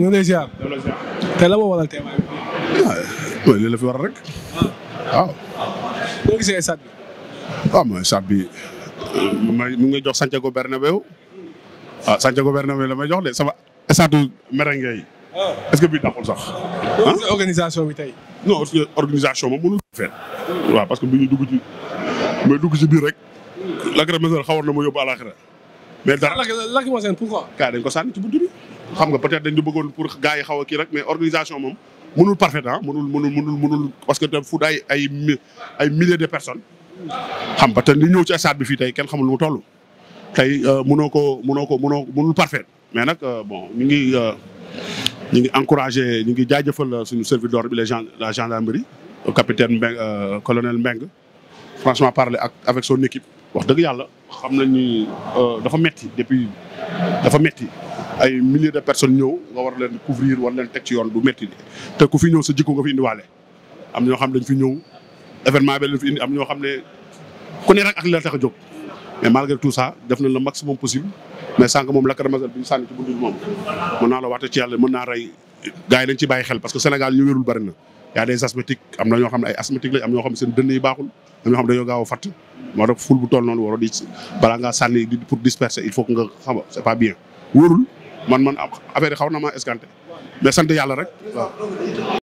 ñu ngi lay ziar. te la ma waral teewaay bi. fi war rek. Ah. waaw. boo gisee stade bi. waaw ah, mooy stade bi euh, may mu ngi jox Santiago Bernabéu ah Santiago Bernabéu la may jox de sama stade merengue yi. Ah. est-ce que bii taxul sax. organisation bi tey. non parce que organisation moom mënul feet waaw parce que bi ñu dugg ci mais dugg biir rek. la gërëm xawoon na ma yóbbu mais dara lacrymogène pourquoi. gars dañ ko sànni ci buntu bi. xam nga peut-être dañ ñu bëggoon pour gars yi xaw a kii rek mais organisation moom mënul parfait ah mënul mënul mënul mënul parce que te foot ay ay ay milliers de personnes. xam nga te ñëw ci stade fii tey kenn xamul lu mu tey euh, mënoo ko mënoo ko mënoo mënul parfait mais nag euh, bon ñu ngi euh, ñu ngi encouragé ñu ngi jaajëfal suñu serviteur bi les gens la gendarmerie. capitaine Mbengue colonel Mbengue franchement parler ak avec son équipe wax dëgg yàlla. xam nañ ni euh, dafa metti depuis dafa metti ay milliers de personnes ñëw nga war leen couvrir wala leen teg ci yoon bu metti te ku fi ñëw sa jikko nga fi indiwaale am ñoo xam dañ fi ñëw événement bi lañ fi am ñoo xam ne ku ne rek ak la tax a jóg mais malgré tout ça def nañ le maximum possible mais sànq moom lacrymogène bi ñu sànni ci buntu moom mën naa la waate ci yàlla mën naa rey gars yi dañ ci bàyyi xel parce que Sénégal ñu wérul bari na y a des am na ñoo xam ne ay asthmatiques lañ am ñoo xam ne seen dënn yi baaxul am ñoo xam ne dañoo gaaw a moo tax ful bu toll noonu waroo di balaa ngaa sànni pour disperser il faut que pas bien wóorul man man affaire yi xaw na ma escanté mais sant yàlla rek waaw